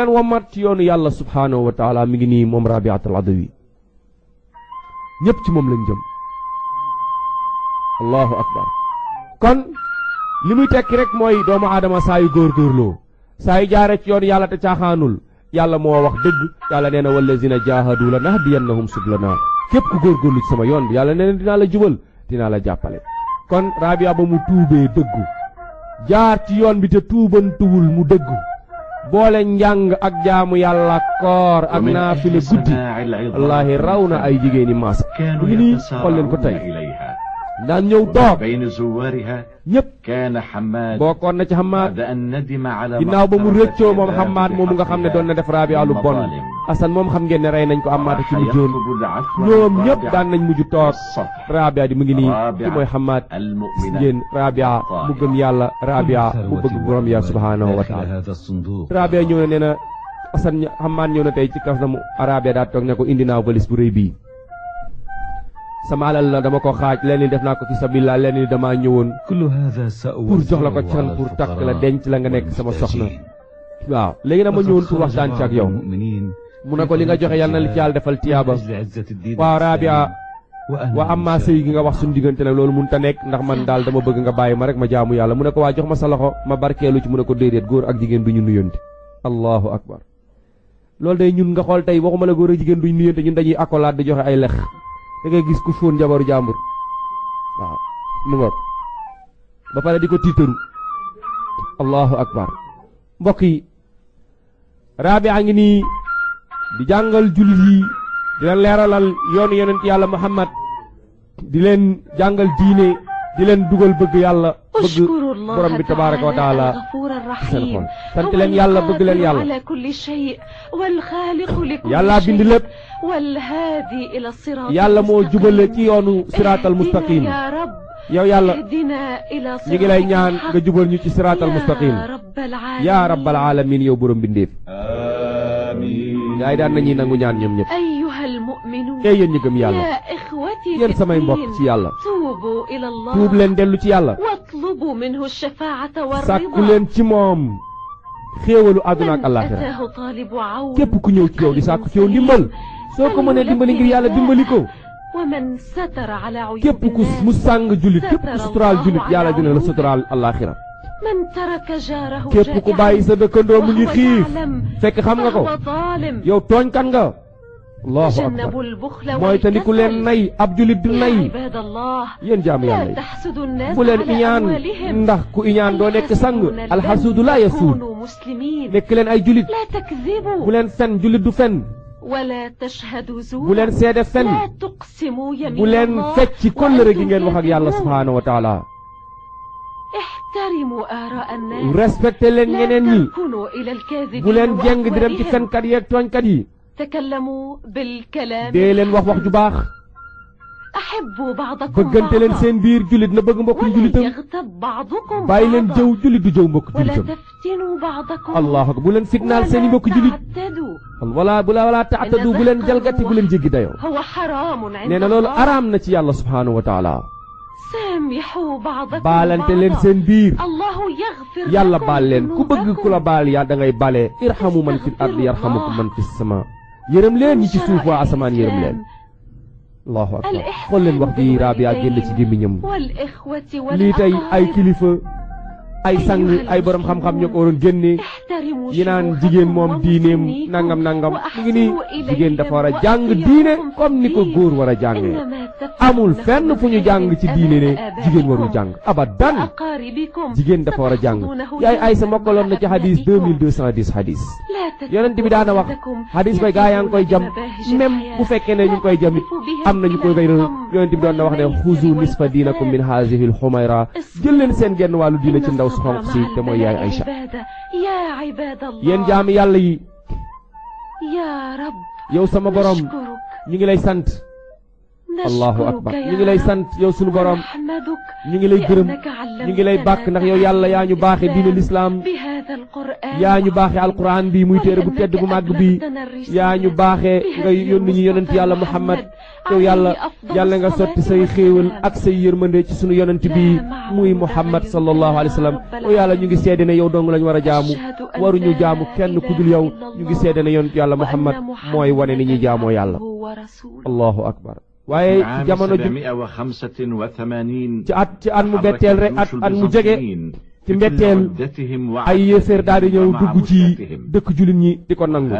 leen womat ci yoonu yàlla subhaanahu wa taala mi ngi nii moom rabiatul adawi ñëpp ci moom lañ jëm allahu akbar kon li muy tekki rek mooy doomu aadama saa yu góorgóorloo saa yu jaare ci yoon yàlla te caaxaanul yàlla moo wax dëgg yàlla nee na wallazina jaahadu lanahdiyannahum sublanaa képp ku góorgóorlu sama yoon bi yàlla nee na dinaa la jubal dinaa la jàppale kon Rabia ba mu tuubee dëggu jaar ci yoon bi te tuubantuwul mu dëggu boole njàng ak jaamu yàlla ak koor ak naafile guddi wallaahi raw na ay jigéeni maas ngi nii ko tey daal ñëw toog bayna zuwaariha ñëpp kaana xamaad bokkoon na ci xamaad ginnaaw ba mu rëccoo moom xamaad moomu nga xam ne doon na def raabiya lu bon asan moom xam ngeen ne rey nañ ko amaata ci mujjoon ñoom ñëpp daan nañ mujj toog raabiya di mu ngi nii ci mooy xamaad mu gëm yàlla raabiya mu bëgg borom ya subhaanahu wa taala raabiya ñëw na na asan xamaad ñëw na tey ci kas na mu raabiya daa toog ne ko indi naa valise bu rëy bii sama alal la dama ko xaj lenn def naa ko fi sabilillah lenn dama ñëwoon pour jox la ko ci pour tak la denc la nga nek sama soxna waaw legi na ma ñewoon pour waxtaan ci ak yow mu ne ko li nga joxe yalla li ci defal tiyaba wa rabia wa amma sey gi nga wax suñu nak lolu mu munta nek ndax man dal dama bëgg nga bayima rek ma jaamu yalla mu ne ko wa jox ma sa loxo ma barkelu ci mu ne ko déedéet goor ak jigéen bi ñu nuyonte allahu akbar lolu day ñun nga xol tay waxuma la goor ak jigéen duñ nuyonte ñun dañuy accolade di joxe ay lekh da gis ku fóon jabaru jàmbur waaw ba pare di ko tiitaru allahu akbar mbokk yi raabi a ngi nii di jàngal jullit yi di leen leeralal yoonu yonent yàlla muhammad di leen jàngal diine di leen dugal bëgg yàlla bëgg borom bi tabaaraka wa taala seen xol sant leen yàlla bëgg leen yàlla yàllaa bind lépp yàlla moo jubale ci yoonu siraatal mustaqim yow yàlla ñu ngi lay ñaan nga jubal ñu ci siraatal mustaqim yaa rabbal alamin yow borom bindeef gaa yi daan nañuy nangu ñaan ñoom ñëpp ee yéen ñi gëm yàlla yéen samay mbokk ci yàlla tuub leen dellu ci yàlla sàkku leen ci moom xéewalu àdduna ak àllaaxira képp ku ñëw ci yow di sàkku ci yow ndimbal soo ko mënee dimbali ngir yàlla dimbali ko képp ku mu sàng jullit képp ku suturaal jullit bàyyi sa dëkkandoo mu ngi xiif fekk xam nga ko yow tooñkan nga allahu akbar mooy te ni leen nay ab julit di nay yéen jaam yàlla yi bu leen iñaan ndax ku iñaan doo nekk sang alxasuudu laa yasuud nekk leen ay julit bu leen fen julit du fen bu leen seede fen bu leen fecc kóllëre gi ngeen wax ak yàlla subhaanahu wa taala respecté leen ñeneen ñi bu leen jeng di dem ci fenkat yeeg tooñkat yi تكلموا بالكلام ديلن واخ واخ جو احبوا بعضكم بغنت لين سين بير جوليت نا بغ مبوك جوليت يغتب بعضكم بعضا لين جو جوليت جو مبوك ولا تفتنوا بعضكم الله اكبر بولن سيغنال سين مبوك جوليت تعتدوا ولا ولا تعتدوا بولن جلغاتي بولن جيغي دايو هو حرام عند نينا لول حرام نا الله سبحانه وتعالى سامحوا بعضكم بالنت الله يغفر يلا بالين كو بغ كولا يا داغي بالي ارحموا من في الارض يرحمكم من في السماء يرم لين نيتي سوف واسمان يرم لين الله اكبر كل الوقت دي رابعه جيل سيدي منيم والاخوه والاخوات لي اي كليفه ay sang ay borom xam-xam ñoo ko waroon génne yi naan jigéen moom diineem nangam nangam mu ngi nii jigéen dafa war a jàng diine comme ni ko góor war a jàngee amul fenn fu ñu jàng ci diine ne jigéen warul jàng abadan jigéen dafa war a jàng yaay ay sa mokkaloon na ci xadis 2210 xadis bi daana wax xadis bay gaa yaa ngi koy jam même bu fekkee ne ñu koy jam it am nañu koy koy yonent bi doon wax ne xuzu nisfa diinakum min haazihil xumayra jël leen seen genn wàllu diine ci ndaw ndaw su xonq si te mooy yaay Aïcha yéen jaami yàlla yi sama borom ñu ngi lay sant allahu akbar ñu ngi lay sant yow sunu borom ñu ngi lay gërëm ñu ngi lay bàkk ndax yow yàlla yaa ñu baaxe diine lislaam yaa ñu baaxee alquran bi muy téere bu tedd bu màgg bi yaa ñu baaxee nga yónni ñu yonent yàlla muhammad yow yàlla yàlla nga sotti say xéewal ak say yërmande ci sunu yonent bii muy muhammad sallallahu alayhi wa sallam yow yàlla ñu ngi seede na yow dong lañ war a jaamu waruñu jaamu kenn ku dul yow ñu ngi seede ne yonent yàlla muhammad mooy wane ni ñuy jaamoo yàlla allahu akbar waaye ci jamono ju ci at ci at mu betteel rek at at mu jege ci mbetteel ay yéeféer daal di ñëw dugg ci dëkk julit ñi di ko nangu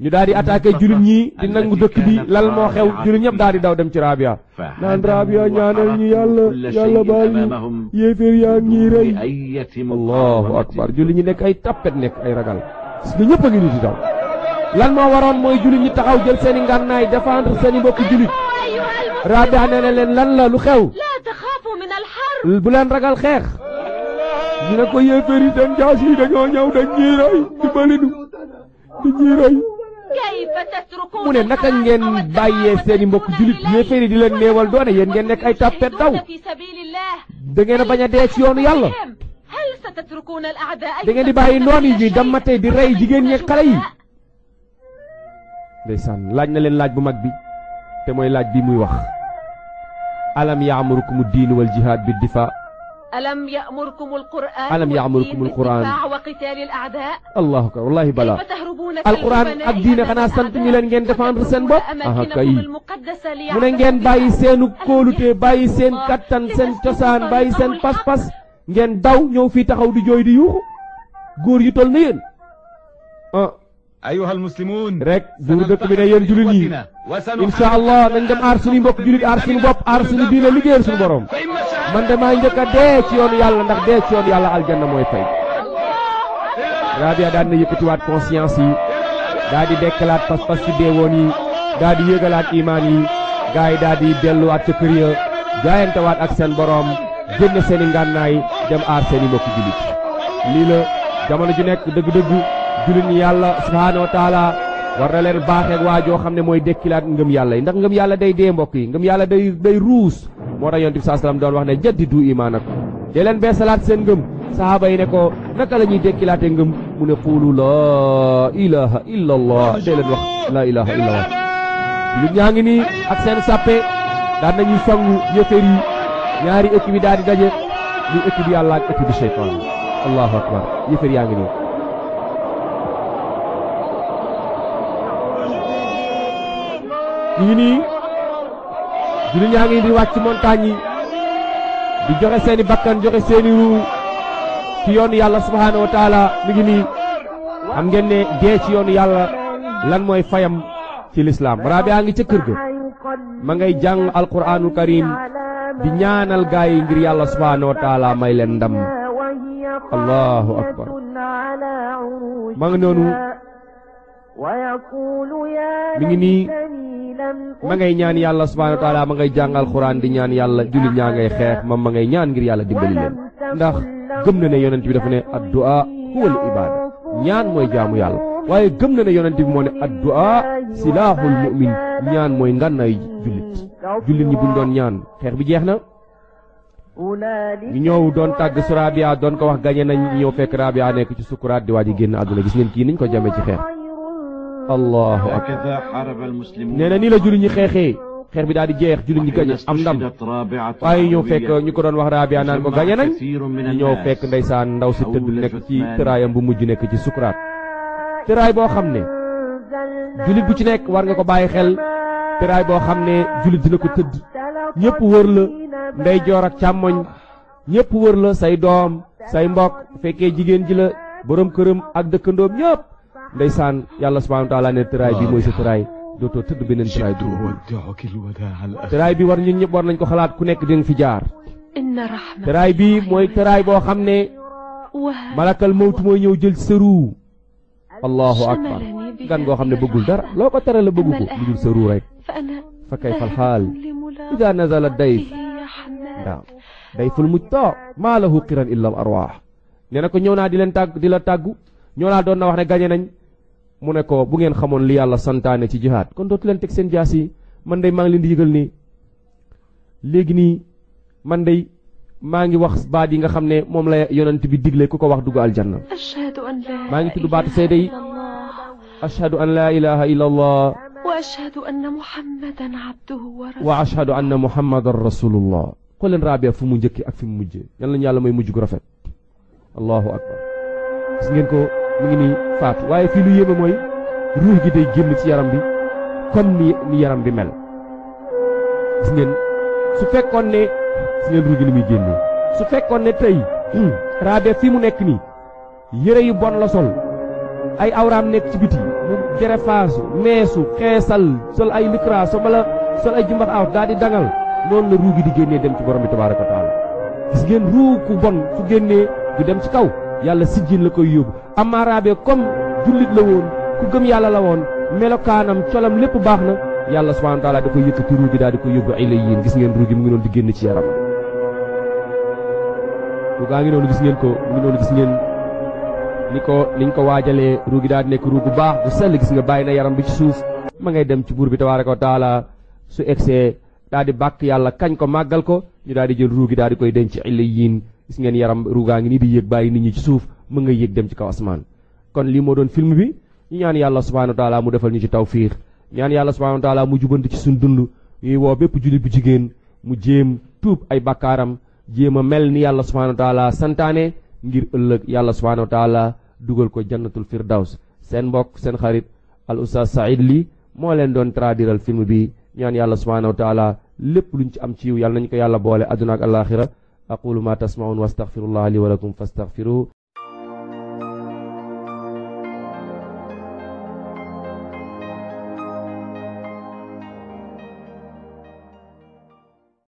ñu daal di attaqué julit ñi di nangu dëkk bi lal moo xew julit ñëpp daal di daw dem ci rabia naan rabia ñaanal ñu yàlla yàlla baal ñu yéeféer yaa ngi rey allahu akbar julit ñi nekk ay tappet nekk ay ragal ñu ñëpp a ngi di daw lan moo waroon mooy julit ñi taxaw jël seen i ngànnaay défendre seen i mbokk julit rabia nee na leen lan la lu xew bu leen ragal xeex ñu ko yéeféer yi yi dañoo ñëw dañ ñuy rey di balinu di ñuy rey ngeen seen i mbokk jullit yéeféer yi di leen néewal doone yéen ngeen nekk ay tàppet daw da ngeen a bañ a dee ci yoonu yàlla da ngeen di bàyyi noon yi ñuy dammatee di rey jigéen ñi xale yi ndeysaan laaj na leen laaj bu mag bi te mooy laaj bi muy wax alam yaamurukumu diin wal jihaad bi difa ألم يأمركم القرآن ألم يأمركم القرآن وقتال الأعداء الله أكبر والله بلا كيف تهربون القرآن ak diine xanaa sant ñu leen ngeen défendre seen bopp ah kay mu ne ngeen bàyyi seenu kóolute bàyyi seen kattan sen cosaan bàyyi seen pas-pas ngeen daw ñëw fii taxaw di jooy di yuuxu góor yu toll na al muslimun rek bu dekk bi ne yeen julit yi incha allah nañ dem ar suñu mbokk julit ar suñu bop ar suñu diine liggéeyal suñu borom man dama njëkk a ci yoonu yalla ndax dee ci yoonu yàlla aljanna moy fay. Rabia daan na waat conscience yi daa di dekkalaat pass pas ci déwon yi daa di yëgalaat iman yi gaay yi daa di delluwaat ca kër ya waat ak seen borom jëne seen ngannaay dem ar seen mbokk julit li la jamono ju nekk dëgg-dëgg julini yalla subhanahu wa taala war na leen baaxee ak waa joo ndax ngëm yalla day dee mbokk yi ngëm yalla day day rus, mo ra yonte sallam doon wax ne jaddidu imaanakum de len be salat sen ngëm sahaba yi ne ko naka la dekkilaté mu ne qulu la ilaha illa allah dee wax la ilaha illa allah julit ñaa ngi ak sen sappé da nañu songu yëfër yi ñaari équipe daal di dajé équipe yalla ak équipe shaytan allahu akbar yëfër yaa ngi ini ngi nii jullit ñaa ngi di wàcc montagne di joxe seeni bakkan joxe seeni ruu ci yoonu yàlla subhanahu wa taala mi ngi nii xam ngeen ne dee ci yoonu yàlla lan mooy fayam ci lislaam rabia ngi ca kër ga ma ngay jàng alquranul karim di ñaanal gaay ngir yàlla subhanahu wa taala may leen ndam allahu akbar ma ngi noonu mi ngi nii ma ngay ñaan yàlla subhanahu wa taala ma ngay jàng alxuraan di ñaan yàlla jullit ñaa ngay xeex moom ma ñaan ngir yàlla dimbali leen ndax gëm na ne yonent bi dafa ne addu'a huwal ibaada ñaan mooy jaamu yàlla waaye gëm na ne yonent bi moo ne addu'a silaahul mu'min ñaan mooy ngànnaayu jullit jullit ñi buñ doon ñaan xeex bi jeex na doon doon ko wax nañ fekk ci di waaj gis ngeen niñ ko jame ci allahu akbar nee na nii la jullit ñi xeexee xeex bi daal di jeex jullit ñi gañe am ndam waaye ñëw fekk ñu ko doon wax Rabia naan ko gañe nañ ñëw fekk ndeysaan ndaw si tëdd nekk ci tëraayam bu mujj nekk ci sukuraat tëraay boo xam ne jullit bu ci nekk war nga ko bàyyi xel tëraay boo xam ne jullit dina ko tëdd ñëpp wër la ndey joor ak càmmoñ ñëpp wër la say doom say mbokk fekkee jigéen ji la borom këram ak dëkkandoom ñëpp ndeysaan yalla subhanahu wa taala ne tëraay bi mooy sa tëraay dootoo tëdd benen tëraay bi tëraay bi war ñun ñep war nañ ko xalaat ku nekk di fi jaar tëraay bi moy tëraay bo xamne ne malakal maut moy ñew jël seru allahu akbar gan go xamne ne bëggul dara loko téré la bëggu ko lu dul sëru rek fa kayfa al hal ida nazala dayf dayful mujtoo maa lahu qiran illa al arwah nee ko di len tag di la tagu ñola doona wax ne gañe nañ mu ne ko bu ngeen xamoon li yàlla santaane ci jihaad kon dootu leen teg seen jaas man day maa ngi di yëgal ni léegi nii man day maa wax baat yi nga xam ne moom la yonent bi digle ku ko wax dugg aljanna maa ngi tudd baatu day ashhadu an la ilaha illa allah وأشهد أن محمدا عبده ورسوله وأشهد أن محمدا رسول الله كل رابع في مجك أك في مجي يلا نيالا مجي الله gis mi ngi ni faatu waaye fii lu yéeme mooy ruux gi day génn ci yaram bi comme ni ni yaram bi mel gis ngeen su fekkoon ne gis ngeen ruux gi ni muy génnee su fekkoon ne tey raabe fi mu nekk ni yere yu bon la sol ay awraam nekk ci biti mu faasu meesu xeesal sol ay likra sobala sol ay jumbat aw daal di dangal noonu la ruu gi di génnee dem ci borom bi tabaaraka taala gis ngeen ruu ku bon su génnee du dem ci kaw yàlla sijjin la koy yóbbu amara be comme julit la won ku gem yalla la won melokanam cholam lepp baxna yalla subhanahu wa taala da ko yëkkati ruu gi daal di ko yobbu ay lay gis ngeen ruu mu ngi non di genn ci yaram ku gaa ngi gis ngeen ko mu ngi non gis ngeen niko niñ ko wajale ruugi daal di baax bu sel gis nga bayina yaram bi ci suuf ma ngay dem ci bur bi tabaraka taala su exé daal di bak yalla kañ ko magal ko ñu daal di jël ruugi daal di koy denc ay gis ngeen yaram ruuga ngi ni di yëg bàyyi nit ñi ci suuf mën nga yéeg dem ci kaw asmaan kon lii moo doon film bi ñu ñaan yàlla subhanahu wa mu defal ñu ci tawfiix ñaan yàlla subhanahu wa taala mu jubbanti ci suñu dund ñuy woo bépp jullit bu jigéen mu jéem tuub ay bakkaaram jéem a mel ni yàlla subhanahu wa taala santaane ngir ëllëg yàlla subhanahu wa taala dugal ko jannatul firdaws seen mbokk seen xarit al oustaz Saïd Ly moo leen doon traduiral film bi ñaan yàlla subhanahu wa lépp lu ñu ci am ci yiw yàlla nañu ko yàlla boole adduna ak alaxira aqulu ma tasmaun wa astaghfirullah